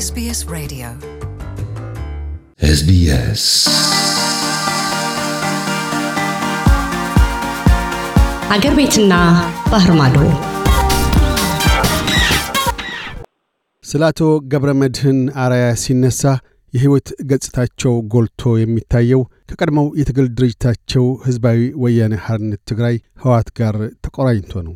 SBS Radio SBS አገር ቤትና ባህር ማዶ ስለ አቶ ገብረ መድህን አርአያ ሲነሳ የህይወት ገጽታቸው ጎልቶ የሚታየው ከቀድሞው የትግል ድርጅታቸው ሕዝባዊ ወያነ ሐርነት ትግራይ ህወሓት ጋር ተቆራኝቶ ነው።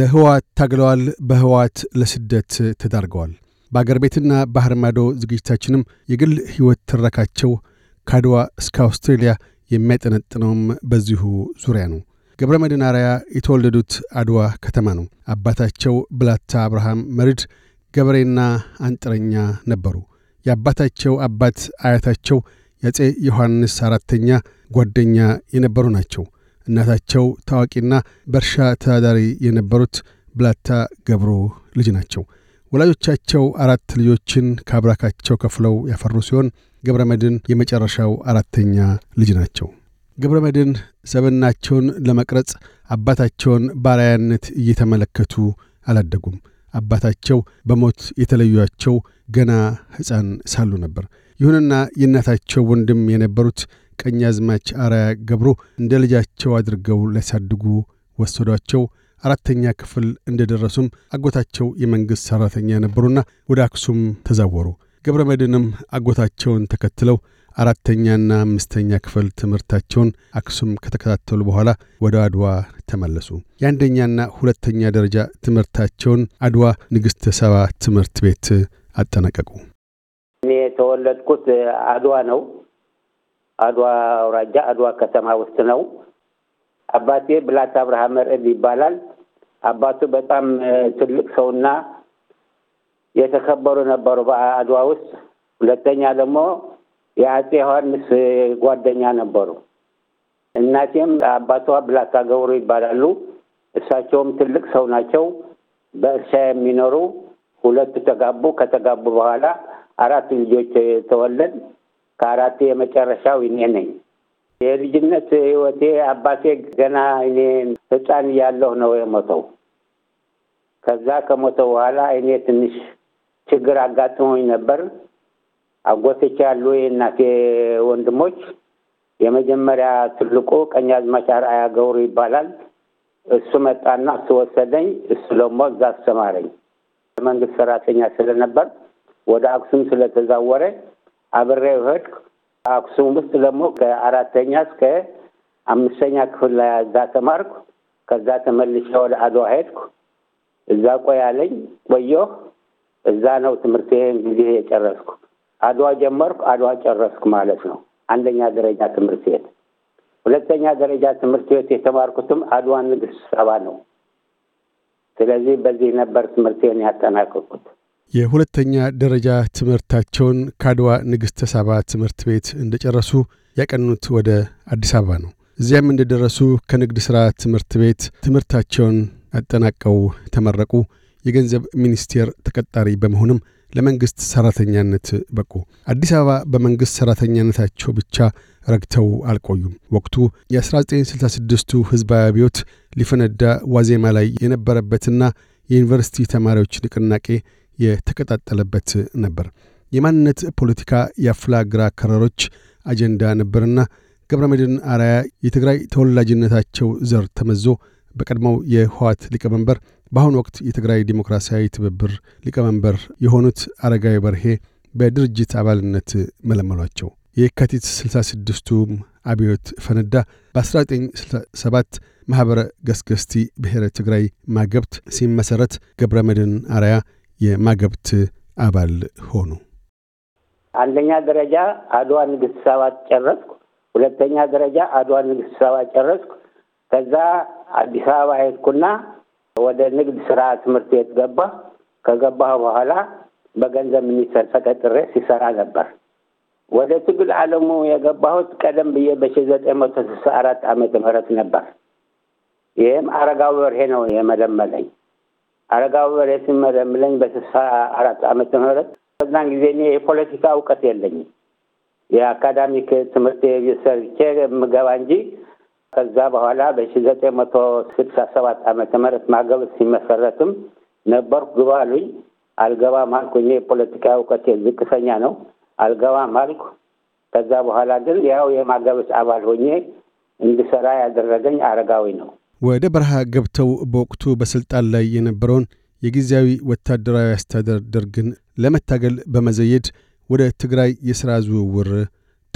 ለህዋት ታግለዋል። በህዋት ለስደት ተዳርገዋል። በአገር ቤትና ባህር ማዶ ዝግጅታችንም የግል ሕይወት ትረካቸው ካድዋ እስከ አውስትሬልያ የሚያጠነጥነውም በዚሁ ዙሪያ ነው። ገብረ መድኅን አርያ የተወለዱት አድዋ ከተማ ነው። አባታቸው ብላታ አብርሃም መርድ ገበሬና አንጥረኛ ነበሩ። የአባታቸው አባት አያታቸው የአጼ ዮሐንስ አራተኛ ጓደኛ የነበሩ ናቸው። እናታቸው ታዋቂና በእርሻ ተዳዳሪ የነበሩት ብላታ ገብሮ ልጅ ናቸው። ወላጆቻቸው አራት ልጆችን ከአብራካቸው ከፍለው ያፈሩ ሲሆን ገብረ መድን የመጨረሻው አራተኛ ልጅ ናቸው። ገብረ መድን ሰብናቸውን ለመቅረጽ አባታቸውን ባሪያነት እየተመለከቱ አላደጉም። አባታቸው በሞት የተለዩቸው ገና ሕፃን ሳሉ ነበር። ይሁንና የእናታቸው ወንድም የነበሩት ቀኛዝማች አርአያ ገብሮ እንደ ልጃቸው አድርገው ሊያሳድጉ ወሰዷቸው። አራተኛ ክፍል እንደደረሱም አጎታቸው የመንግሥት ሠራተኛ ነበሩና ወደ አክሱም ተዛወሩ። ገብረ መድንም አጎታቸውን ተከትለው አራተኛና አምስተኛ ክፍል ትምህርታቸውን አክሱም ከተከታተሉ በኋላ ወደ አድዋ ተመለሱ። የአንደኛና ሁለተኛ ደረጃ ትምህርታቸውን አድዋ ንግሥተ ሰባ ትምህርት ቤት አጠናቀቁ። እኔ የተወለድኩት አድዋ ነው። አድዋ አውራጃ አድዋ ከተማ ውስጥ ነው። አባቴ ብላታ አብርሃ መርዕድ ይባላል። አባቱ በጣም ትልቅ ሰውና የተከበሩ ነበሩ በአድዋ ውስጥ። ሁለተኛ ደግሞ የአጼ ዮሐንስ ጓደኛ ነበሩ። እናቴም አባቷ ብላታ ገብሩ ይባላሉ። እሳቸውም ትልቅ ሰው ናቸው። በእርሻ የሚኖሩ ሁለቱ ተጋቡ። ከተጋቡ በኋላ አራት ልጆች ተወለድ። ከአራት የመጨረሻው እኔ ነኝ። የልጅነት ህይወቴ አባቴ ገና እኔ ህፃን እያለሁ ነው የሞተው። ከዛ ከሞተ በኋላ እኔ ትንሽ ችግር አጋጥሞኝ ነበር። አጎቶች ያሉ የእናቴ ወንድሞች የመጀመሪያ ትልቁ አዝማች አርአያ ገብሩ ይባላል። እሱ መጣና እሱ ወሰደኝ። እሱ ደግሞ እዛ አስተማረኝ። መንግስት ሰራተኛ ስለነበር ወደ አክሱም ስለተዛወረ አብሬ ሄድኩ። አክሱም ውስጥ ደግሞ ከአራተኛ እስከ አምስተኛ ክፍል ላይ እዛ ተማርኩ። ከዛ ተመልሼ ወደ አድዋ ሄድኩ። እዛ ቆያለኝ ቆየሁ። እዛ ነው ትምህርቴን ጊዜ የጨረስኩ። አድዋ ጀመርኩ፣ አድዋ ጨረስኩ ማለት ነው። አንደኛ ደረጃ ትምህርት ቤት። ሁለተኛ ደረጃ ትምህርት ቤት የተማርኩትም አድዋ ንግሥት ሰባ ነው። ስለዚህ በዚህ ነበር ትምህርቴን ያጠናቀቁት። የሁለተኛ ደረጃ ትምህርታቸውን ካድዋ ንግሥተ ሳባ ትምህርት ቤት እንደጨረሱ ያቀኑት ወደ አዲስ አበባ ነው። እዚያም እንደደረሱ ከንግድ ሥራ ትምህርት ቤት ትምህርታቸውን አጠናቀው ተመረቁ። የገንዘብ ሚኒስቴር ተቀጣሪ በመሆንም ለመንግሥት ሠራተኛነት በቁ። አዲስ አበባ በመንግሥት ሠራተኛነታቸው ብቻ ረግተው አልቆዩም። ወቅቱ የ1966ቱ ሕዝባዊ አብዮት ሊፈነዳ ዋዜማ ላይ የነበረበትና የዩኒቨርሲቲ ተማሪዎች ንቅናቄ የተቀጣጠለበት ነበር። የማንነት ፖለቲካ የአፍላ ግራ ከረሮች አጀንዳ ነበርና መድን አርአያ የትግራይ ተወላጅነታቸው ዘር ተመዞ በቀድሞው የህወሓት ሊቀመንበር በአሁኑ ወቅት የትግራይ ዴሞክራሲያዊ ትብብር ሊቀመንበር የሆኑት አረጋዊ በርሄ በድርጅት አባልነት መለመሏቸው። የካቲት 66ቱም አብዮት ፈነዳ። በ1967 ማኅበረ ገስገስቲ ብሔረ ትግራይ ማገብት ሲመሠረት ገብረ መድን አርያ የማገብት አባል ሆኑ? አንደኛ ደረጃ አድዋ ንግስት ሰባት ጨረስኩ። ሁለተኛ ደረጃ አድዋ ንግስት ሰባት ጨረስኩ። ከዛ አዲስ አበባ ሄድኩና ወደ ንግድ ስራ ትምህርት ቤት ገባ። ከገባ በኋላ በገንዘብ ሚኒስቴር ተቀጥሬ ሲሰራ ነበር። ወደ ትግል አለሙ የገባሁት ቀደም ብዬ በሺ ዘጠኝ መቶ ስልሳ አራት ዓመተ ምህረት ነበር። ይህም አረጋዊ በርሄ ነው የመለመለኝ። አረጋዊ ወዴት መለምለኝ በስልሳ አራት ዓመተ ምህረት በዛን ጊዜ እኔ የፖለቲካ እውቀት የለኝም። የአካዳሚክ ትምህርት ሰርቼ የምገባ እንጂ ከዛ በኋላ በሺ ዘጠኝ መቶ ስልሳ ሰባት አመተ ምህረት ማገብ ሲመሰረትም ነበርኩ። ግባ አሉኝ። አልገባም አልኩ። የፖለቲካ እውቀት ዝቅተኛ ነው። አልገባም አልኩ። ከዛ በኋላ ግን ያው የማገበስ አባል ሆኜ እንድሰራ ያደረገኝ አረጋዊ ነው። ወደ በረሃ ገብተው በወቅቱ በሥልጣን ላይ የነበረውን የጊዜያዊ ወታደራዊ አስተዳደር ደርግን ለመታገል በመዘየድ ወደ ትግራይ የሥራ ዝውውር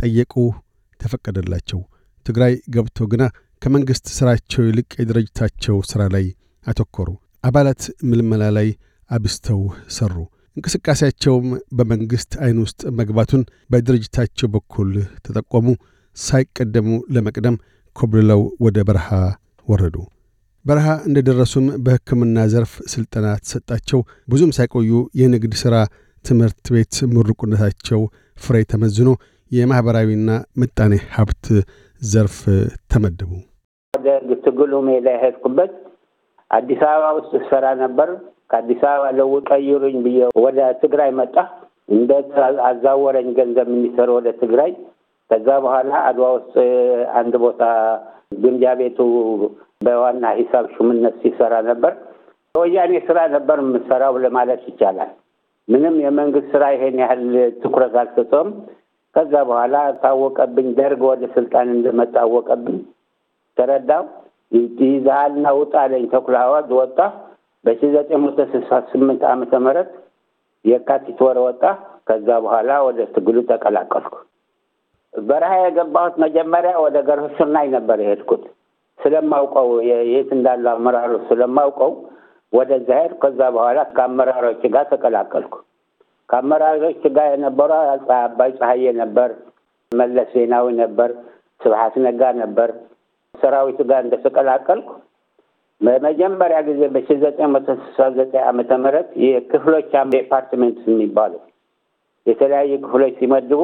ጠየቁ። ተፈቀደላቸው። ትግራይ ገብተው ግና ከመንግሥት ሥራቸው ይልቅ የድርጅታቸው ሥራ ላይ አተኮሩ። አባላት ምልመላ ላይ አብስተው ሠሩ። እንቅስቃሴያቸውም በመንግሥት ዐይን ውስጥ መግባቱን በድርጅታቸው በኩል ተጠቆሙ። ሳይቀደሙ ለመቅደም ኮብልለው ወደ በረሃ ወረዱ። በረሃ እንደደረሱም በሕክምና ዘርፍ ሥልጠና ተሰጣቸው። ብዙም ሳይቆዩ የንግድ ሥራ ትምህርት ቤት ምሩቅነታቸው ፍሬ ተመዝኖ የማኅበራዊና ምጣኔ ሀብት ዘርፍ ተመደቡ። ደርግ ትግሉ ሜዳ የሄድኩበት አዲስ አበባ ውስጥ ስራ ነበር። ከአዲስ አበባ ለው ቀይሩኝ ብዬ ወደ ትግራይ መጣ። እንደ አዛወረኝ ገንዘብ ሚኒስቴር ወደ ትግራይ። ከዛ በኋላ አድዋ ውስጥ አንድ ቦታ ግምጃ ቤቱ በዋና ሂሳብ ሹምነት ሲሰራ ነበር። ወያኔ ስራ ነበር የምሰራው ለማለት ይቻላል። ምንም የመንግስት ስራ ይሄን ያህል ትኩረት አልሰጠውም። ከዛ በኋላ ታወቀብኝ። ደርግ ወደ ስልጣን እንደመጣ አወቀብኝ፣ ተረዳው። ይዛሃልና ውጣ አለኝ። ተኩላ አዋጅ ወጣ በሺ ዘጠኝ መቶ ስልሳ ስምንት ዓመተ ምህረት የካቲት ወር ወጣ። ከዛ በኋላ ወደ ትግሉ ተቀላቀልኩ። በረሃ የገባሁት መጀመሪያ ወደ ስናይ ነበር የሄድኩት ስለማውቀው የት እንዳሉ አመራሩ ስለማውቀው ወደዛ ሄድኩ። ከዛ በኋላ ከአመራሮች ጋር ተቀላቀልኩ። ከአመራሮች ጋር የነበረ አባይ ፀሐዬ ነበር፣ መለስ ዜናዊ ነበር፣ ስብሀት ነጋ ነበር። ሰራዊቱ ጋር እንደተቀላቀልኩ በመጀመሪያ ጊዜ በሺ ዘጠኝ መቶ ስልሳ ዘጠኝ አመተ ምህረት የክፍሎች ዲፓርትሜንት የሚባሉ የተለያዩ ክፍሎች ሲመድቡ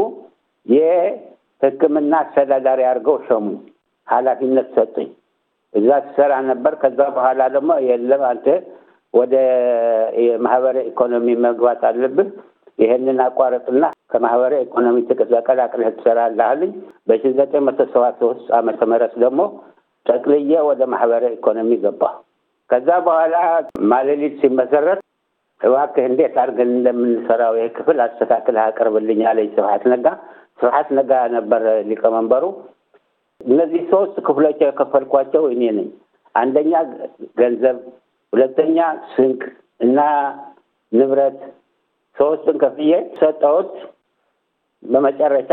ሕክምና አስተዳዳሪ አድርገው ሾሙኝ። ኃላፊነት ሰጡኝ። እዛ ትሰራ ነበር። ከዛ በኋላ ደግሞ የለም አንተ ወደ የማህበረ ኢኮኖሚ መግባት አለብህ፣ ይህንን አቋረጥና ከማህበረ ኢኮኖሚ ተቀላቅለህ ትሰራለህ አሉኝ። በሺ ዘጠኝ መቶ ሰባ ሶስት ዓመተ ምህረት ደግሞ ጠቅልዬ ወደ ማህበረ ኢኮኖሚ ገባሁ። ከዛ በኋላ ማሌሊት ሲመሰረት እባክህ እንዴት አድርገን እንደምንሰራው ይህ ክፍል አስተካክለህ አቅርብልኝ አለኝ ስብሐት ነጋ። ስብሐት ነጋ ነበር ሊቀመንበሩ። እነዚህ ሶስት ክፍሎች የከፈልኳቸው እኔ ነኝ። አንደኛ ገንዘብ፣ ሁለተኛ ስንቅ እና ንብረት ሶስቱን ከፍዬ ሰጠሁት። በመጨረሻ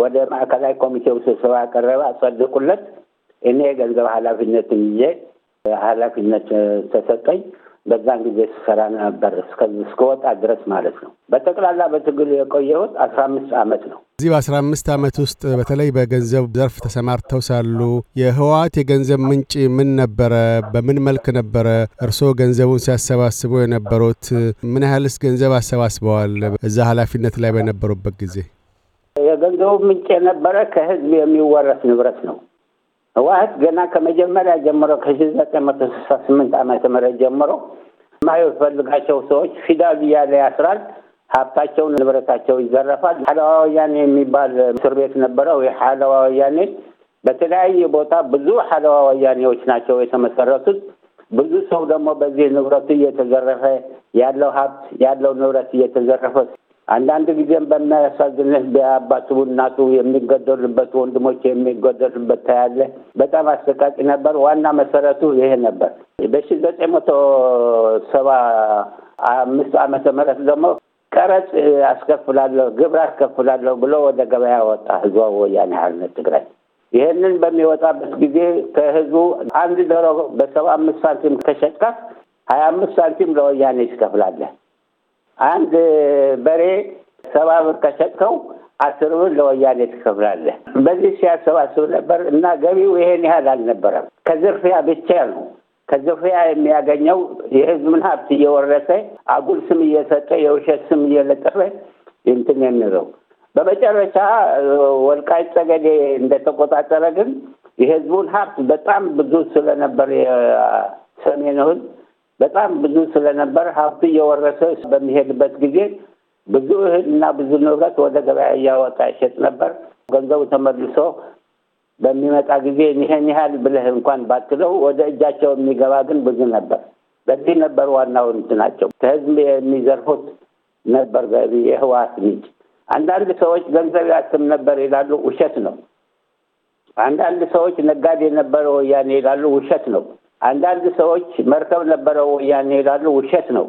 ወደ ማዕከላዊ ኮሚቴው ስብሰባ ቀረበ፣ አጸድቁለት እኔ የገንዘብ ኃላፊነትን ይዤ ኃላፊነት ተሰጠኝ። በዛን ጊዜ ስሰራ ነበር እስከወጣ ድረስ ማለት ነው። በጠቅላላ በትግሉ የቆየሁት አስራ አምስት ዓመት ነው። እዚህ በአስራ አምስት አመት ውስጥ በተለይ በገንዘብ ዘርፍ ተሰማርተው ሳሉ የህወሓት የገንዘብ ምንጭ ምን ነበረ? በምን መልክ ነበረ እርስዎ ገንዘቡን ሲያሰባስቡ የነበሩት? ምን ያህልስ ገንዘብ አሰባስበዋል? እዛ ኃላፊነት ላይ በነበሩበት ጊዜ የገንዘቡ ምንጭ የነበረ ከህዝብ የሚወረስ ንብረት ነው። ህወሀት ገና ከመጀመሪያ ጀምሮ ከሺህ ዘጠኝ መቶ ስልሳ ስምንት ዓመተ ምህረት ጀምሮ የማይፈልጋቸው ሰዎች ፊዳል እያለ ያስራል። ሀብታቸውን ንብረታቸው ይዘረፋል። ሀለዋ ወያኔ የሚባል እስር ቤት ነበረው። የሀለዋ ወያኔ በተለያየ ቦታ ብዙ ሓለዋ ወያኔዎች ናቸው የተመሰረቱት። ብዙ ሰው ደግሞ በዚህ ንብረቱ እየተዘረፈ ያለው ሀብት ያለው ንብረት እየተዘረፈ አንዳንድ ጊዜም በሚያሳዝንህ በአባቱ እናቱ የሚገደሉበት ወንድሞች የሚገደሉበት ታያለ። በጣም አሰቃቂ ነበር። ዋና መሰረቱ ይሄ ነበር። በሺ ዘጠኝ መቶ ሰባ አምስት ዓመተ ምህረት ደግሞ ቀረጽ አስከፍላለሁ ግብር አስከፍላለሁ ብሎ ወደ ገበያ ወጣ ህዝ ወያነ ሓርነት ትግራይ። ይህንን በሚወጣበት ጊዜ ከህዝቡ አንድ ዶሮ በሰባ አምስት ሳንቲም ከሸጥካ ሀያ አምስት ሳንቲም ለወያኔ ይስከፍላለህ። አንድ በሬ ሰባ ብር ከሸጥከው አስር ብር ለወያኔ ትከፍላለህ። በዚህ ሲያሰባስብ ነበር እና ገቢው ይሄን ያህል አልነበረም። ከዝርፊያ ብቻ ነው። ከዝርፊያ የሚያገኘው የህዝብን ሀብት እየወረሰ አጉል ስም እየሰጠ የውሸት ስም እየለጠፈ እንትን የሚለው በመጨረሻ ወልቃይት ጠገዴ እንደተቆጣጠረ ግን የህዝቡን ሀብት በጣም ብዙ ስለነበር የሰሜኑ ህዝብ በጣም ብዙ ስለነበር ሀብቱ እየወረሰ በሚሄድበት ጊዜ ብዙ እህል እና ብዙ ንብረት ወደ ገበያ እያወጣ ይሸጥ ነበር። ገንዘቡ ተመልሶ በሚመጣ ጊዜ ይሄን ያህል ብለህ እንኳን ባትለው ወደ እጃቸው የሚገባ ግን ብዙ ነበር። በዚህ ነበር ዋናው እንትናቸው ከህዝብ የሚዘርፉት ነበር። የህወሓት ልጅ አንዳንድ ሰዎች ገንዘብ ያትም ነበር ይላሉ፣ ውሸት ነው። አንዳንድ ሰዎች ነጋዴ ነበረ ወያኔ ይላሉ፣ ውሸት ነው። አንዳንድ ሰዎች መርከብ ነበረው ወያኔ ይላሉ። ውሸት ነው።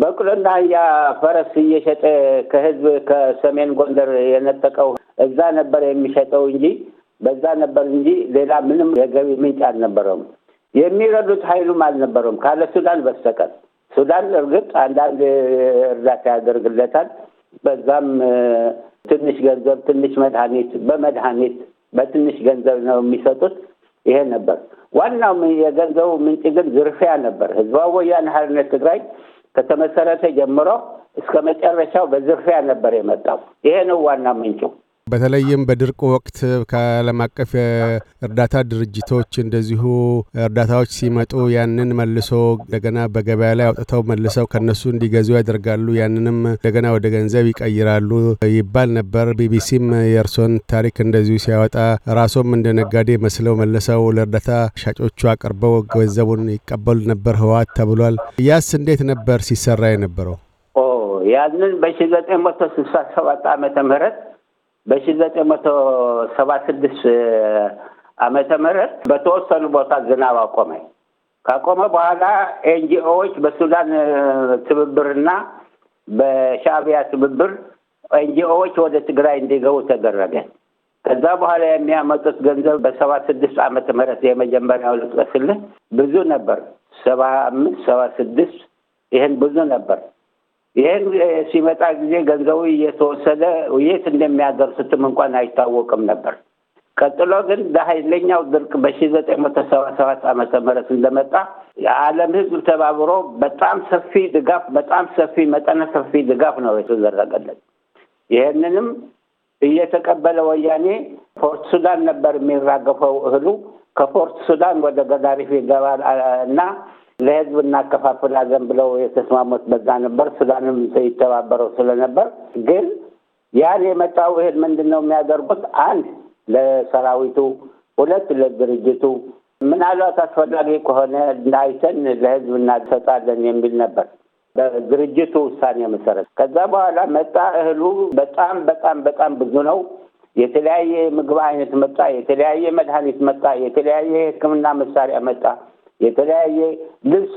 በቅሎና ያ ፈረስ እየሸጠ ከህዝብ ከሰሜን ጎንደር የነጠቀው እዛ ነበር የሚሸጠው እንጂ በዛ ነበር እንጂ ሌላ ምንም የገቢ ምንጭ አልነበረውም። የሚረዱት ኃይሉም አልነበረውም ካለ ሱዳን በስተቀር። ሱዳን እርግጥ አንዳንድ እርዳታ ያደርግለታል። በዛም ትንሽ ገንዘብ፣ ትንሽ መድኃኒት፣ በመድኃኒት በትንሽ ገንዘብ ነው የሚሰጡት። ይሄ ነበር ዋናው የገንዘቡ ምንጭ ግን ዝርፊያ ነበር። ህዝባዊ ወያነ ሀርነት ትግራይ ከተመሰረተ ጀምሮ እስከ መጨረሻው በዝርፊያ ነበር የመጣው። ይሄ ነው ዋና ምንጩ። በተለይም በድርቅ ወቅት ከዓለም አቀፍ የእርዳታ ድርጅቶች እንደዚሁ እርዳታዎች ሲመጡ ያንን መልሶ እንደገና በገበያ ላይ አውጥተው መልሰው ከነሱ እንዲገዙ ያደርጋሉ። ያንንም እንደገና ወደ ገንዘብ ይቀይራሉ ይባል ነበር። ቢቢሲም የእርሶን ታሪክ እንደዚሁ ሲያወጣ ራሶም እንደ ነጋዴ መስለው መልሰው ለእርዳታ ሻጮቹ አቅርበው ገንዘቡን ይቀበሉ ነበር ህወሓት ተብሏል። ያስ እንዴት ነበር ሲሰራ የነበረው? ያንን በሺ ዘጠኝ መቶ ስልሳ ሰባት ዓመተ ምህረት በሺህ ዘጠኝ መቶ ሰባ ስድስት አመተ ምህረት በተወሰኑ ቦታ ዝናብ አቆመ። ካቆመ በኋላ ኤንጂኦዎች በሱዳን ትብብርና በሻቢያ ትብብር ኤንጂኦዎች ወደ ትግራይ እንዲገቡ ተደረገ። ከዛ በኋላ የሚያመጡት ገንዘብ በሰባ ስድስት ዓመተ ምህረት የመጀመሪያው ልጥቀስልህ ብዙ ነበር። ሰባ አምስት ሰባ ስድስት ይህን ብዙ ነበር። ይህን ሲመጣ ጊዜ ገንዘቡ እየተወሰደ የት እንደሚያደርሱትም እንኳን አይታወቅም ነበር። ቀጥሎ ግን ለኃይለኛው ድርቅ በሺ ዘጠኝ መቶ ሰባ ሰባት ዓመተ ምህረት እንደመጣ የዓለም ሕዝብ ተባብሮ በጣም ሰፊ ድጋፍ በጣም ሰፊ መጠነ ሰፊ ድጋፍ ነው የተደረገለት። ይህንንም እየተቀበለ ወያኔ ፖርት ሱዳን ነበር የሚራገፈው እህሉ ከፖርት ሱዳን ወደ ገዳሪፍ ይገባል እና ለህዝብ እናከፋፍላለን ብለው የተስማሙት በዛ ነበር። ሱዳንም ይተባበረው ስለነበር ግን ያን የመጣው እህል ምንድን ነው የሚያደርጉት? አንድ ለሰራዊቱ፣ ሁለት ለድርጅቱ፣ ምናልባት አስፈላጊ ከሆነ አይተን ለህዝብ እናሰጣለን የሚል ነበር በድርጅቱ ውሳኔ መሰረት። ከዛ በኋላ መጣ። እህሉ በጣም በጣም በጣም ብዙ ነው። የተለያየ ምግብ አይነት መጣ፣ የተለያየ መድኃኒት መጣ፣ የተለያየ የህክምና መሳሪያ መጣ። የተለያየ ልብስ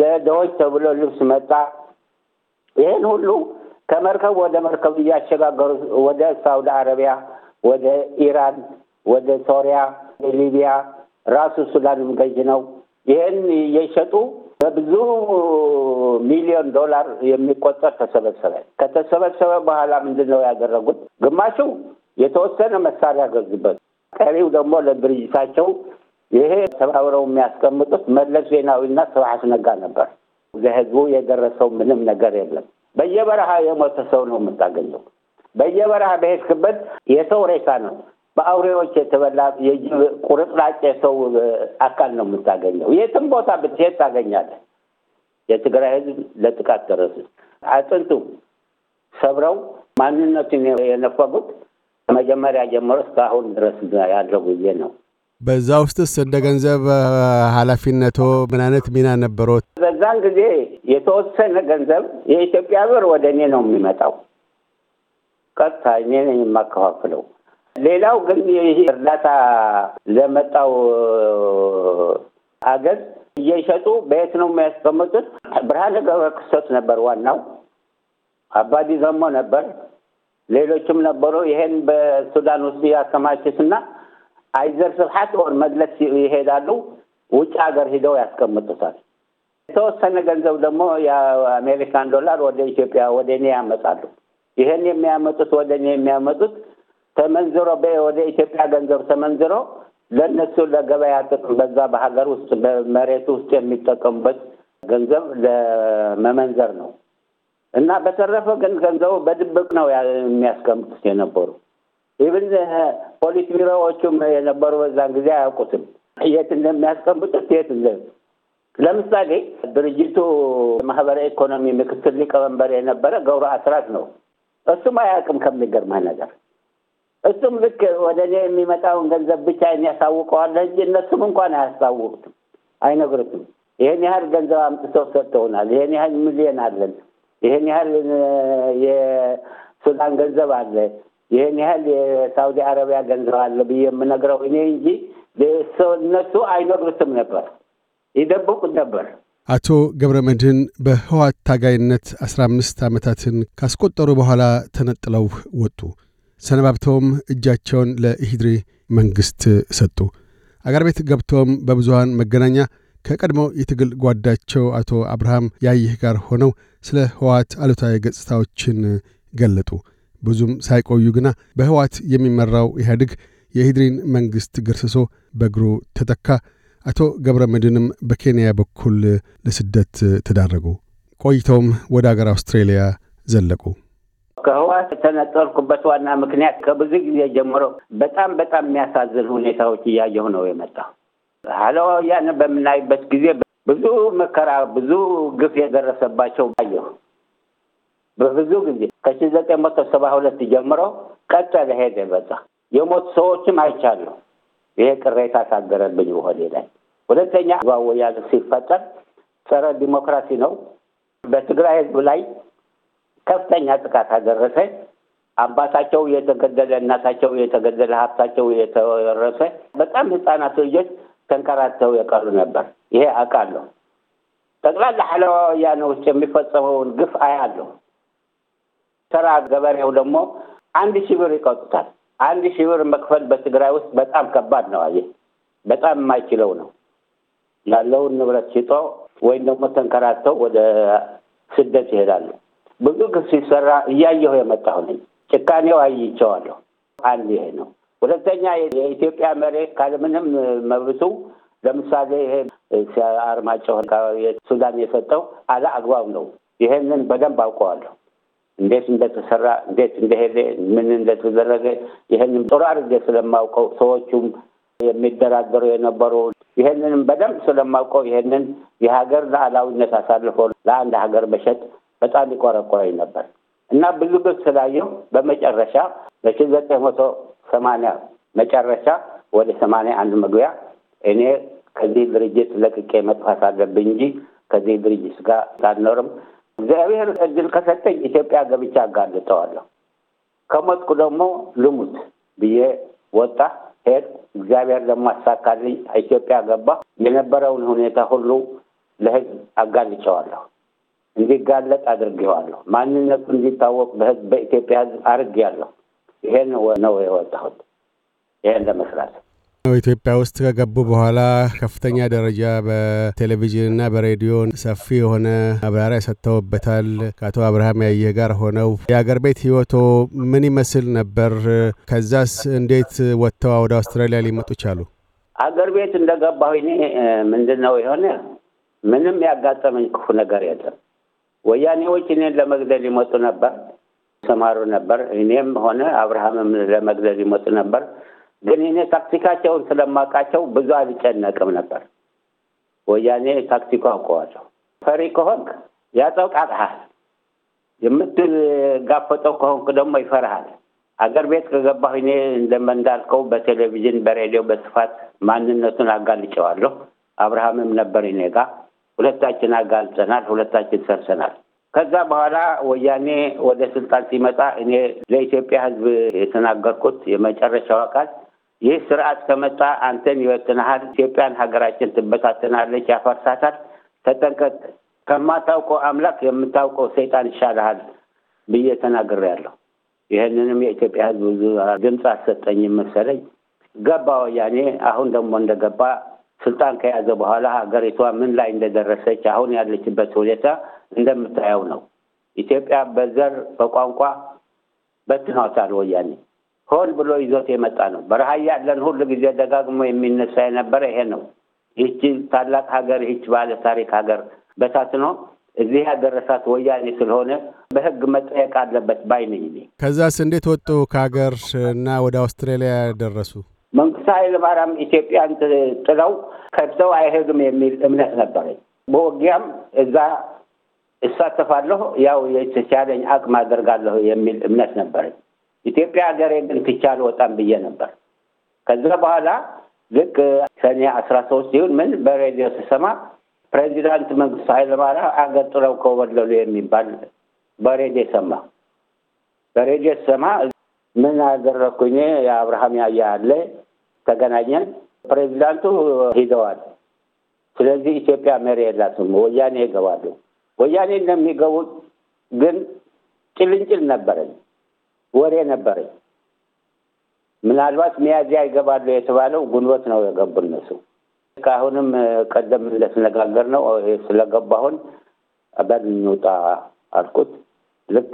ለደዎች ተብሎ ልብስ መጣ። ይህን ሁሉ ከመርከብ ወደ መርከብ እያሸጋገሩ ወደ ሳውዲ አረቢያ፣ ወደ ኢራን፣ ወደ ሶሪያ፣ ሊቢያ ራሱ ሱዳንም ገዥ ነው። ይህን እየሸጡ በብዙ ሚሊዮን ዶላር የሚቆጠር ተሰበሰበ። ከተሰበሰበ በኋላ ምንድን ነው ያደረጉት? ግማሹ የተወሰነ መሳሪያ ገዙበት፣ ቀሪው ደግሞ ለድርጅታቸው ይሄ ተባብረው የሚያስቀምጡት መለስ ዜናዊና ስብሐት ነጋ ነበር። ለህዝቡ የደረሰው ምንም ነገር የለም። በየበረሃ የሞተ ሰው ነው የምታገኘው። በየበረሃ በሄድክበት የሰው ሬሳ ነው፣ በአውሬዎች የተበላ የጅብ ቁርጥራጭ የሰው አካል ነው የምታገኘው። የትም ቦታ ብትሄድ ታገኛለህ። የትግራይ ህዝብ ለጥቃት ደረሰ። አጥንቱ ሰብረው ማንነቱን የነፈጉት መጀመሪያ ጀምሮ እስከ አሁን ድረስ ያለው ጊዜ ነው። በዛ ውስጥስ እንደ ገንዘብ ኃላፊነቶ ምን አይነት ሚና ነበሮት? በዛን ጊዜ የተወሰነ ገንዘብ የኢትዮጵያ ብር ወደ እኔ ነው የሚመጣው፣ ቀጥታ እኔ ነኝ የማከፋፍለው። ሌላው ግን ይህ እርዳታ ለመጣው አገዝ እየሸጡ በየት ነው የሚያስቀምጡት? ብርሃነ ገብረ ክርስቶስ ነበር ዋናው፣ አባዲ ዘሞ ነበር፣ ሌሎችም ነበሩ። ይሄን በሱዳን ውስጥ ያከማችስና አይዘር ሀቅ ወር መግለጽ ይሄዳሉ። ውጭ ሀገር ሂደው ያስቀምጡታል። የተወሰነ ገንዘብ ደግሞ የአሜሪካን ዶላር ወደ ኢትዮጵያ ወደ እኔ ያመጣሉ። ይህን የሚያመጡት ወደ እኔ የሚያመጡት ተመንዝሮ ወደ ኢትዮጵያ ገንዘብ ተመንዝሮ ለእነሱ ለገበያ ጥቅም በዛ በሀገር ውስጥ በመሬቱ ውስጥ የሚጠቀሙበት ገንዘብ ለመመንዘር ነው እና በተረፈ ግን ገንዘቡ በድብቅ ነው የሚያስቀምጡት የነበሩ ይብን ፖሊስ ቢሮዎቹም የነበሩ በዛን ጊዜ አያውቁትም የት እንደሚያስቀምጡት የት እንደ ለምሳሌ ድርጅቱ ማህበራዊ ኢኮኖሚ ምክትል ሊቀመንበር የነበረ ገብረ አስራት ነው። እሱም አያውቅም ከሚገርማ ነገር እሱም ልክ ወደ እኔ የሚመጣውን ገንዘብ ብቻ ያሳውቀዋለህ እንጂ እነሱም እንኳን አያስታውቁትም፣ አይነግሩትም። ይህን ያህል ገንዘብ አምጥተው ሰጥተውናል፣ ይህን ያህል ሚሊዮን አለን፣ ይህን ያህል የሱዳን ገንዘብ አለ፣ ይህን ያህል የሳውዲ አረቢያ ገንዘብ አለ ብዬ የምነግረው እኔ እንጂ እነሱ አይነግሩትም ነበር፣ ይደብቁት ነበር። አቶ ገብረ መድህን በህዋት ታጋይነት አስራ አምስት ዓመታትን ካስቆጠሩ በኋላ ተነጥለው ወጡ። ሰነባብተውም እጃቸውን ለኢህድሪ መንግሥት ሰጡ። አገር ቤት ገብተውም በብዙሃን መገናኛ ከቀድሞ የትግል ጓዳቸው አቶ አብርሃም ያይህ ጋር ሆነው ስለ ህዋት አሉታዊ ገጽታዎችን ገለጡ። ብዙም ሳይቆዩ ግና በህዋት የሚመራው ኢህአዴግ የሂድሪን መንግሥት ገርስሶ በእግሩ ተተካ። አቶ ገብረ መድንም በኬንያ በኩል ለስደት ተዳረጉ። ቆይተውም ወደ አገር አውስትሬልያ ዘለቁ። ከህዋት የተነጠልኩበት ዋና ምክንያት ከብዙ ጊዜ ጀምሮ በጣም በጣም የሚያሳዝን ሁኔታዎች እያየሁ ነው የመጣው። ሀለዋውያንን በምናይበት ጊዜ ብዙ መከራ፣ ብዙ ግፍ የደረሰባቸው ባየሁ በብዙ ጊዜ ከሺ ዘጠኝ መቶ ሰባ ሁለት ጀምሮ ቀጠለ ሄደ በዛ የሞት ሰዎችም አይቻለሁ። ይሄ ቅሬታ አሳደረብኝ በሆዴ ላይ። ሁለተኛ ወያኔ ሲፈጠር ጸረ ዲሞክራሲ ነው። በትግራይ ህዝብ ላይ ከፍተኛ ጥቃት አደረሰ። አባታቸው የተገደለ፣ እናታቸው የተገደለ፣ ሀብታቸው የተወረሰ በጣም ህፃናት ልጆች ተንከራተው የቀሩ ነበር። ይሄ አውቃለሁ። ጠቅላላ ሐለዋ ውስጥ የሚፈጸመውን ግፍ አያለሁ። ተራ ገበሬው ደግሞ አንድ ሺህ ብር ይቀጡታል። አንድ ሺህ ብር መክፈል በትግራይ ውስጥ በጣም ከባድ ነው። አየህ በጣም የማይችለው ነው ያለውን ንብረት ሽጦ ወይም ደግሞ ተንከራተው ወደ ስደት ይሄዳሉ። ብዙ ግፍ ሲሰራ እያየሁ የመጣሁ ነኝ። ጭካኔው አይቼዋለሁ። አንድ ይሄ ነው። ሁለተኛ የኢትዮጵያ መሬት ካለምንም መብቱ ለምሳሌ ይሄ አርማጭሆ አካባቢ ሱዳን የሰጠው አለ አግባብ ነው። ይሄንን በደንብ አውቀዋለሁ። እንዴት እንደተሰራ፣ እንዴት እንደሄደ፣ ምን እንደተደረገ ይህንም ጥሩ አድርጌ ስለማውቀው ሰዎቹም የሚደራደሩ የነበሩ ይህንንም በደንብ ስለማውቀው ይህንን የሀገር ሉዓላዊነት አሳልፎ ለአንድ ሀገር መሸጥ በጣም ይቆረቆረኝ ነበር እና ብዙ ግብ ስላየው በመጨረሻ በሺ ዘጠኝ መቶ ሰማንያ መጨረሻ ወደ ሰማንያ አንድ መግቢያ እኔ ከዚህ ድርጅት ለቅቄ መጥፋት አለብኝ እንጂ ከዚህ ድርጅት ጋር አልኖርም እግዚአብሔር እድል ከሰጠኝ ኢትዮጵያ ገብቻ አጋልጠዋለሁ፣ ከሞትኩ ደግሞ ልሙት ብዬ ወጣ ሄድ። እግዚአብሔር ደግሞ አሳካልኝ። ኢትዮጵያ ገባ። የነበረውን ሁኔታ ሁሉ ለህዝብ አጋልጨዋለሁ፣ እንዲጋለጥ አድርጌዋለሁ። ማንነቱ እንዲታወቅ በህዝብ በኢትዮጵያ ህዝብ አድርጌያለሁ። ይሄን ነው የወጣሁት ይሄን ለመስራት ኢትዮጵያ ውስጥ ከገቡ በኋላ ከፍተኛ ደረጃ በቴሌቪዥንና በሬዲዮ ሰፊ የሆነ ማብራሪያ ሰጥተውበታል። ከአቶ አብርሃም ያየህ ጋር ሆነው የአገር ቤት ህይወቶ ምን ይመስል ነበር? ከዛስ እንዴት ወጥተው ወደ አውስትራሊያ ሊመጡ ቻሉ? አገር ቤት እንደገባሁ እኔ ምንድን ነው የሆነ ምንም ያጋጠመኝ ክፉ ነገር የለም። ወያኔዎች እኔን ለመግደል ይመጡ ነበር፣ ተማሩ ነበር። እኔም ሆነ አብርሃምም ለመግደል ይመጡ ነበር። ግን እኔ ታክቲካቸውን ስለማውቃቸው ብዙ አልጨነቅም ነበር። ወያኔ ታክቲኩ አውቀዋለሁ። ፈሪ ከሆንክ ያጠቃቅሃል። የምትጋፈጠው ከሆንክ ደግሞ ይፈርሃል። አገር ቤት ከገባሁ እኔ እንዳልከው በቴሌቪዥን በሬዲዮ በስፋት ማንነቱን አጋልጨዋለሁ። አብርሃምም ነበር እኔ ጋ። ሁለታችን አጋልጸናል፣ ሁለታችን ሰርሰናል። ከዛ በኋላ ወያኔ ወደ ስልጣን ሲመጣ እኔ ለኢትዮጵያ ሕዝብ የተናገርኩት የመጨረሻዋ ቃል ይህ ስርዓት ከመጣ አንተን ይወጥንሃል። ኢትዮጵያን ሀገራችን ትበታትናለች፣ ያፈርሳታል። ተጠንቀቅ። ከማታውቀው አምላክ የምታውቀው ሰይጣን ይሻልሃል ብዬ ተናግሬያለሁ። ይህንንም የኢትዮጵያ ሕዝብ ብዙ ድምፅ አሰጠኝ መሰለኝ። ገባ ወያኔ። አሁን ደግሞ እንደገባ ስልጣን ከያዘ በኋላ ሀገሪቷ ምን ላይ እንደደረሰች አሁን ያለችበት ሁኔታ እንደምታየው ነው። ኢትዮጵያ በዘር በቋንቋ በትኗታል ወያኔ። ሆን ብሎ ይዞት የመጣ ነው። በረሃ ያለን ሁሉ ጊዜ ደጋግሞ የሚነሳ የነበረ ይሄ ነው። ይህቺ ታላቅ ሀገር ይህች ባለ ታሪክ ሀገር በታትኖ እዚህ ያደረሳት ወያኔ ስለሆነ በህግ መጠየቅ አለበት ባይ ነኝ። ከዛስ እንዴት ወጡ ከሀገር እና ወደ አውስትራሊያ ደረሱ? መንግስቱ ኃይለማርያም ኢትዮጵያን ጥለው ከብተው አይሄዱም የሚል እምነት ነበረኝ። በውጊያም እዛ እሳተፋለሁ ያው የተቻለኝ አቅም አደርጋለሁ የሚል እምነት ነበረኝ። ኢትዮጵያ ሀገሬ ግን ትቼ አልወጣም ብዬ ነበር። ከዛ በኋላ ልክ ሰኔ አስራ ሶስት ይሁን ምን በሬዲዮ ስሰማ ፕሬዚዳንት መንግስቱ ኃይለማርያም አገር ጥለው ከወለሉ የሚባል በሬዲዮ ሰማ። በሬዲዮ ስሰማ ምን አደረግኩኝ? የአብርሃም ያያ አለ ተገናኘን። ፕሬዚዳንቱ ሂደዋል። ስለዚህ ኢትዮጵያ መሪ የላትም፣ ወያኔ ይገባሉ። ወያኔ እንደሚገቡ ግን ጭልንጭል ነበረኝ። ወሬ ነበረኝ። ምናልባት ሚያዚያ ይገባሉ የተባለው ግንቦት ነው የገቡ እነሱ። ከአሁንም ቀደም ስለተነጋገር ነው ስለገባሁን አብረን እንውጣ አልኩት። ልክ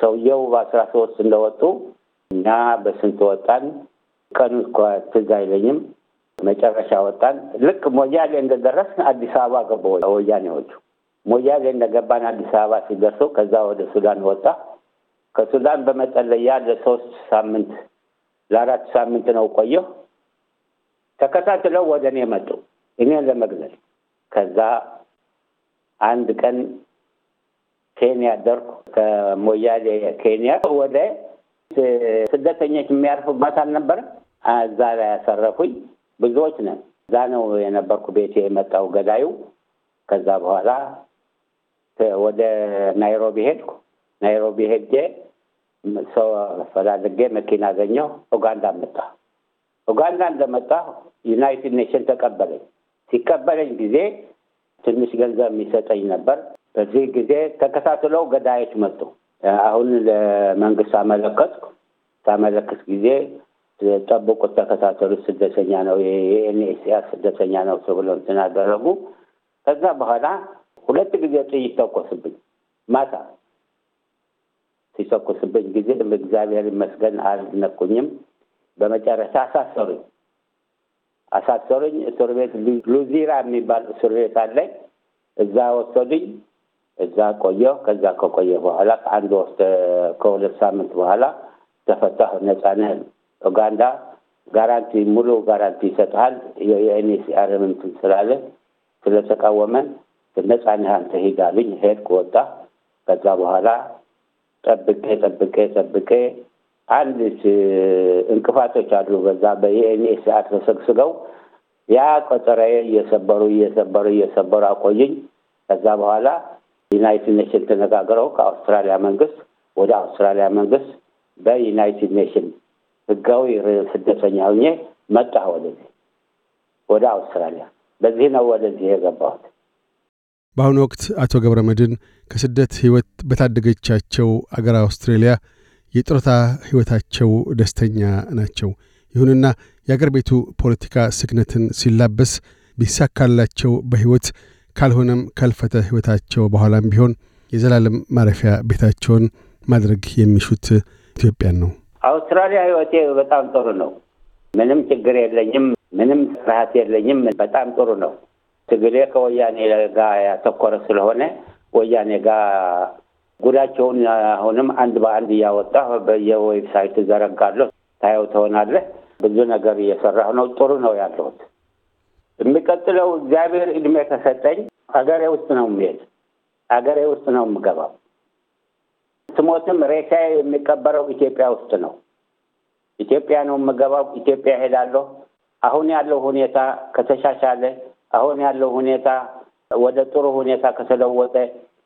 ሰውየው በአስራ ሶስት እንደወጡ እኛ በስንት ወጣን? ቀኑ እኳ ትዝ አይለኝም። መጨረሻ ወጣን። ልክ ሞያሌ እንደደረስን አዲስ አበባ ገባ ወያኔዎቹ። ሞያሌ እንደገባን አዲስ አበባ ሲደርሰው ከዛ ወደ ሱዳን ወጣ። ከሱዳን በመጠለያ ለሶስት ሳምንት ለአራት ሳምንት ነው ቆየሁ። ተከታትለው ወደ እኔ መጡ እኔን ለመግደል። ከዛ አንድ ቀን ኬንያ ደርኩ። ከሞያሌ ኬንያ ወደ ስደተኞች የሚያርፉባት አልነበረም። እዛ ላይ ያሰረፉኝ ብዙዎች ነን። እዛ ነው የነበርኩ ቤቴ የመጣው ገዳዩ። ከዛ በኋላ ወደ ናይሮቢ ሄድኩ። ናይሮቢ ሄጄ ሰው ፈላልጌ መኪና አገኘሁ። ኡጋንዳ መጣ ኡጋንዳ እንደመጣ ዩናይትድ ኔሽን ተቀበለኝ። ሲቀበለኝ ጊዜ ትንሽ ገንዘብ የሚሰጠኝ ነበር። በዚህ ጊዜ ተከታትለው ገዳዮች መጡ። አሁን ለመንግስት አመለከትኩ። ሳመለክት ጊዜ ጠብቁት፣ ተከታተሉ፣ ስደተኛ ነው የኤንኤስያ ስደተኛ ነው ተብሎ እንትን አደረጉ። ከዛ በኋላ ሁለት ጊዜ ጥይት ተኮስብኝ ማታ ሲተኩስብኝ ጊዜ እግዚአብሔር ይመስገን አልነኩኝም። በመጨረሻ አሳሰሩኝ አሳሰሩኝ። እስር ቤት ሉዚራ የሚባል እስር ቤት አለኝ። እዛ ወሰዱኝ። እዛ ቆየሁ። ከዛ ከቆየ በኋላ ከአንድ ወስደ ከሁለት ሳምንት በኋላ ተፈታሁ። ነጻነህ ኡጋንዳ ጋራንቲ ሙሉ ጋራንቲ ይሰጥሃል። የኤንሲአር እንትን ስላለ ስለተቃወመን ነጻነህ አንተ ሂድ አሉኝ። ሄድኩ፣ ወጣ ከዛ በኋላ ጠብቄ ጠብቄ ጠብቄ አንድ እንቅፋቶች አሉ። በዛ በዩኤንኤ ሰዓት ተሰግስገው ያ ቆጠራዬ እየሰበሩ እየሰበሩ እየሰበሩ አቆይኝ። ከዛ በኋላ ዩናይትድ ኔሽን ተነጋግረው ከአውስትራሊያ መንግስት ወደ አውስትራሊያ መንግስት በዩናይትድ ኔሽን ህጋዊ ስደተኛ መጣ ወደዚህ ወደ አውስትራሊያ። በዚህ ነው ወደዚህ የገባሁት። በአሁኑ ወቅት አቶ ገብረ መድን ከስደት ሕይወት በታደገቻቸው አገር አውስትሬልያ የጡረታ ሕይወታቸው ደስተኛ ናቸው። ይሁንና የአገር ቤቱ ፖለቲካ ስክነትን ሲላበስ ቢሳካላቸው በሕይወት ካልሆነም ከልፈተ ሕይወታቸው በኋላም ቢሆን የዘላለም ማረፊያ ቤታቸውን ማድረግ የሚሹት ኢትዮጵያን ነው። አውስትራሊያ ሕይወቴ በጣም ጥሩ ነው። ምንም ችግር የለኝም። ምንም ፍርሃት የለኝም። በጣም ጥሩ ነው። ትግሬ ከወያኔ ጋር ያተኮረ ስለሆነ ወያኔ ጋር ጉዳቸውን አሁንም አንድ በአንድ እያወጣ በየዌብሳይት ዘረጋለሁ። ታየው ትሆናለህ። ብዙ ነገር እየሰራሁ ነው። ጥሩ ነው ያለሁት። የሚቀጥለው እግዚአብሔር እድሜ ከሰጠኝ አገሬ ውስጥ ነው የሚሄድ፣ አገሬ ውስጥ ነው የምገባው። ስሞትም ሬሳ የሚቀበረው ኢትዮጵያ ውስጥ ነው። ኢትዮጵያ ነው የምገባው። ኢትዮጵያ እሄዳለሁ። አሁን ያለው ሁኔታ ከተሻሻለ አሁን ያለው ሁኔታ ወደ ጥሩ ሁኔታ ከተለወጠ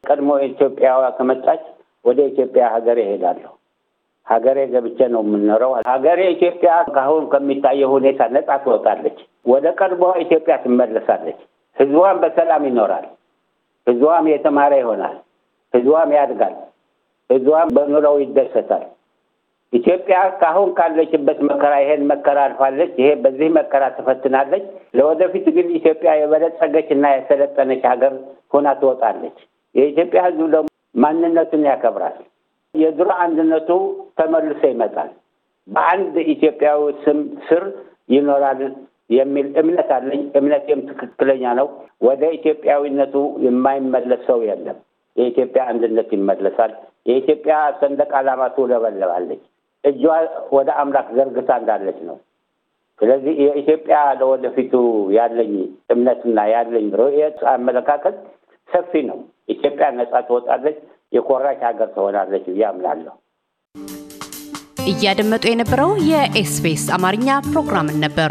ቀድሞ ኢትዮጵያዋ ከመጣች ወደ ኢትዮጵያ ሀገሬ ይሄዳለሁ። ሀገሬ ገብቼ ነው የምኖረው። ሀገሬ ኢትዮጵያ ከአሁን ከሚታየው ሁኔታ ነጻ ትወጣለች፣ ወደ ቀድሞ ኢትዮጵያ ትመለሳለች። ህዝቧም በሰላም ይኖራል። ህዝቧም የተማረ ይሆናል። ህዝቧም ያድጋል። ህዝቧም በኑሮው ይደሰታል። ኢትዮጵያ ከአሁን ካለችበት መከራ ይሄን መከራ አልፋለች። ይሄ በዚህ መከራ ትፈትናለች። ለወደፊት ግን ኢትዮጵያ የበለጸገች እና የሰለጠነች ሀገር ሆና ትወጣለች። የኢትዮጵያ ሕዝብ ደግሞ ማንነቱን ያከብራል። የድሮ አንድነቱ ተመልሶ ይመጣል። በአንድ ኢትዮጵያዊ ስም ስር ይኖራል የሚል እምነት አለኝ። እምነቴም ትክክለኛ ነው። ወደ ኢትዮጵያዊነቱ የማይመለስ ሰው የለም። የኢትዮጵያ አንድነት ይመለሳል። የኢትዮጵያ ሰንደቅ ዓላማ ትውለበለባለች። እጇ ወደ አምላክ ዘርግታ እንዳለች ነው። ስለዚህ የኢትዮጵያ ለወደፊቱ ያለኝ እምነትና ያለኝ ርዕየት አመለካከት ሰፊ ነው። ኢትዮጵያ ነጻ ትወጣለች፣ የኮራች ሀገር ትሆናለች ብዬ አምናለሁ። እያደመጡ የነበረው የኤስቢኤስ አማርኛ ፕሮግራምን ነበር።